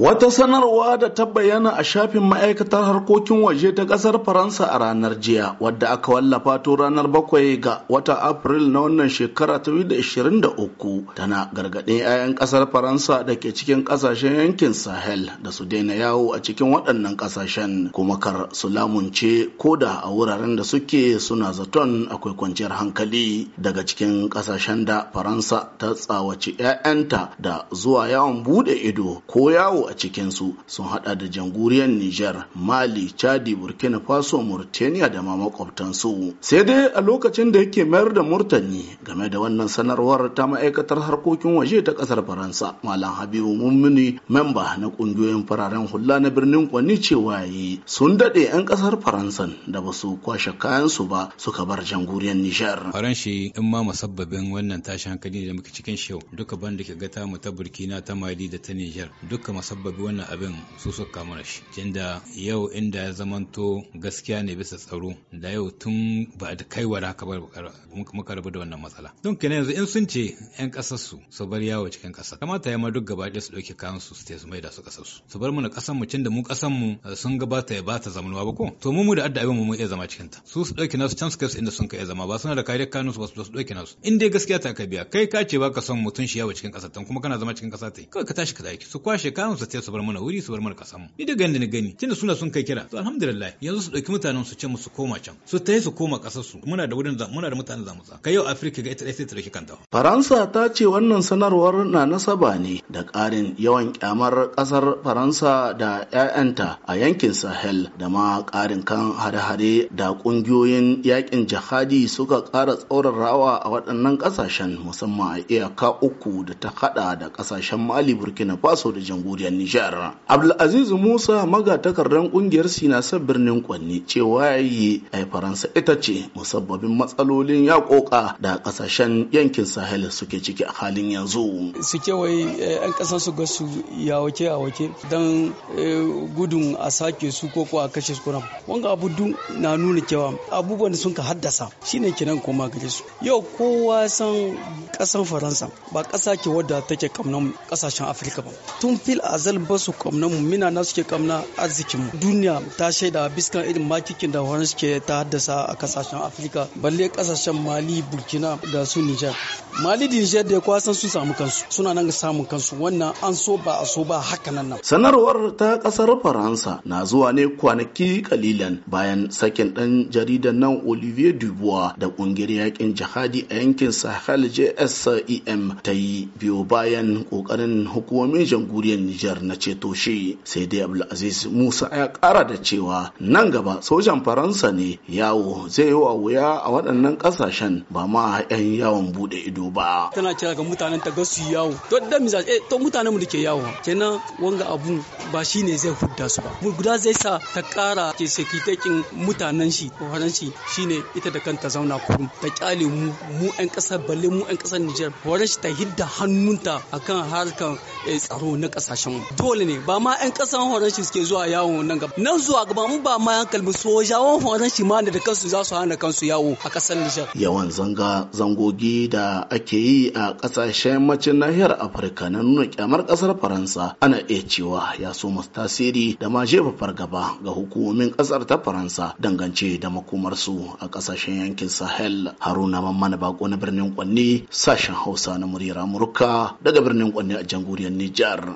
Wata sanarwa da ta bayyana a shafin ma'aikatar harkokin waje ta ƙasar Faransa a ranar jiya, wadda aka wallafa to ranar bakwai ga wata Afril na wannan shekara ta uku, tana gargaɗe 'ya'yan ƙasar Faransa da ke cikin ƙasashen yankin Sahel da su daina yawo a cikin waɗannan ƙasashen, kuma kar su lamunce ko da a wuraren da suke suna zaton akwai kwanciyar hankali daga cikin ƙasashen da Faransa ta tsawaci 'ya'yanta da zuwa yawon buɗe ido ko yawo a cikin su sun hada da jamhuriyar Nijar, Mali, Chadi, Burkina Faso, Mauritania da ma makwabtansu. Sai dai a lokacin da yake mayar da murtani game da wannan sanarwar ta ma'aikatar harkokin waje ta kasar Faransa, Malam Habibu Mummini, memba na kungiyoyin fararen hula na birnin Kwani cewa yi sun dade 'yan kasar Faransa da ba su kwashe kayansu ba suka bar jamhuriyar Nijar. Faranshi in ma musabbabin wannan tashin hankali da muke cikin shi duka banda ke gata mu ta Burkina ta Mali da ta Nijar duka musabbabin sabbabi wannan abin su suka kama da shi tunda yau inda ya zamanto gaskiya ne bisa tsaro da yau tun ba da kaiwa da haka muka rabu da wannan matsala don kenan yanzu in sun ce yan kasar su su bar yawo cikin kasar kamata ya ma duk gaba ɗaya su ɗauki kayan su su su mai da su kasar su su bar mana kasar mu tunda mu kasar mu eh, sun gabata ya bata wa ba ko to mu mu da adda mu mun iya zama cikin ta su su ɗauki nasu can su kai su inda sun kai zama ba suna da kare kanun su ba su ɗauki nasu in dai gaskiya ta ka biya kai ka ce ba ka son mutun shi yawo cikin kasar kuma kana zama cikin kasar ta kai ka tashi ka aiki su kwashe kanun su sai su bar mana wuri su bar mana kasan mu ni daga yanda na gani tunda suna sun kai kira to alhamdulillah yanzu su dauki mutanen su ce musu koma can su tayi su koma kasar su muna da wurin muna da mutanen zamu tsaka kai yau afirka ga ita sai ta rashi kanta faransa ta ce wannan sanarwar na nasaba ne da karin yawan kyamar kasar faransa da 'ya'yanta a yankin sahel da ma karin kan hare-hare da kungiyoyin yakin jihadi suka kara rawa a waɗannan kasashen musamman a iyaka uku da ta hada da kasashen mali burkina faso da jamhuriyar Nijar. Abdulaziz Musa magatakardar kungiyar Sinasa birnin Kwanni cewa yayi a Faransa ita ce musabbabin matsalolin ya koka da kasashen yankin Sahel suke ciki a halin yanzu. Eh, su wai 'yan ƙasa su ga su a yawake don eh, gudun a sake su ko ko a kashe su kuram. Wanga abu na nuna cewa abubuwan sun ka haddasa shine kenan koma gare su. Yau kowa san kasan Faransa ba kasa ke wadda take kamnan kasashen Afirka ba. Tun fil azal zalin ba su kamna mu mina na suke kamna arzikin mu duniya ta shaida biskan irin makikin da wani suke ta haddasa a kasashen afirka balle kasashen mali burkina da su niger mali da niger da ya san sun samu kansu suna nan samun kansu wannan an so ba a so ba haka nan sanarwar ta kasar faransa na zuwa ne kwanaki kalilan bayan sakin dan jaridan nan olivier dubois da kungiyar yakin jihadi a yankin sahel jsem ta yi biyo bayan kokarin hukumomin jamhuriyar nijar. jam'iyyar na ceto shi sai dai Abdulaziz Musa ya kara da cewa nan gaba sojan Faransa ne yawo zai yi wa wuya a waɗannan kasashen ba ma 'yan yawon buɗe ido ba. Tana cewa ga mutanen ta gasu yawo to da misali eh to mutanen mu da ke yawo kenan wanga abu ba shine zai hudda su ba. Guda zai sa ta kara ke sekitakin mutanen shi Faransi shine ita da kanta zauna kurum ta kyale mu mu 'yan ƙasar balle mu 'yan ƙasar Nijar Faransi ta hidda hannunta akan harkar eh, tsaro na ƙasashen dole ne ba ma 'yan kasan horanshi suke zuwa yawon nan gaba nan zuwa gaba mun ba ma 'yan kalbi sojawan horon shi ma da kansu za su hana kansu yawo a kasar Nijar. Yawan zanga zangogi da ake yi a kasashen macin nahiyar Afirka na nuna kyamar kasar Faransa ana iya cewa ya so masu tasiri da ma jefa fargaba ga hukumomin kasar ta Faransa dangance da makomarsu a kasashen yankin Sahel. Haruna Mamman Bako na birnin Kwanne sashen Hausa na muryar Amurka daga birnin Kwanni a jamhuriyar Nijar.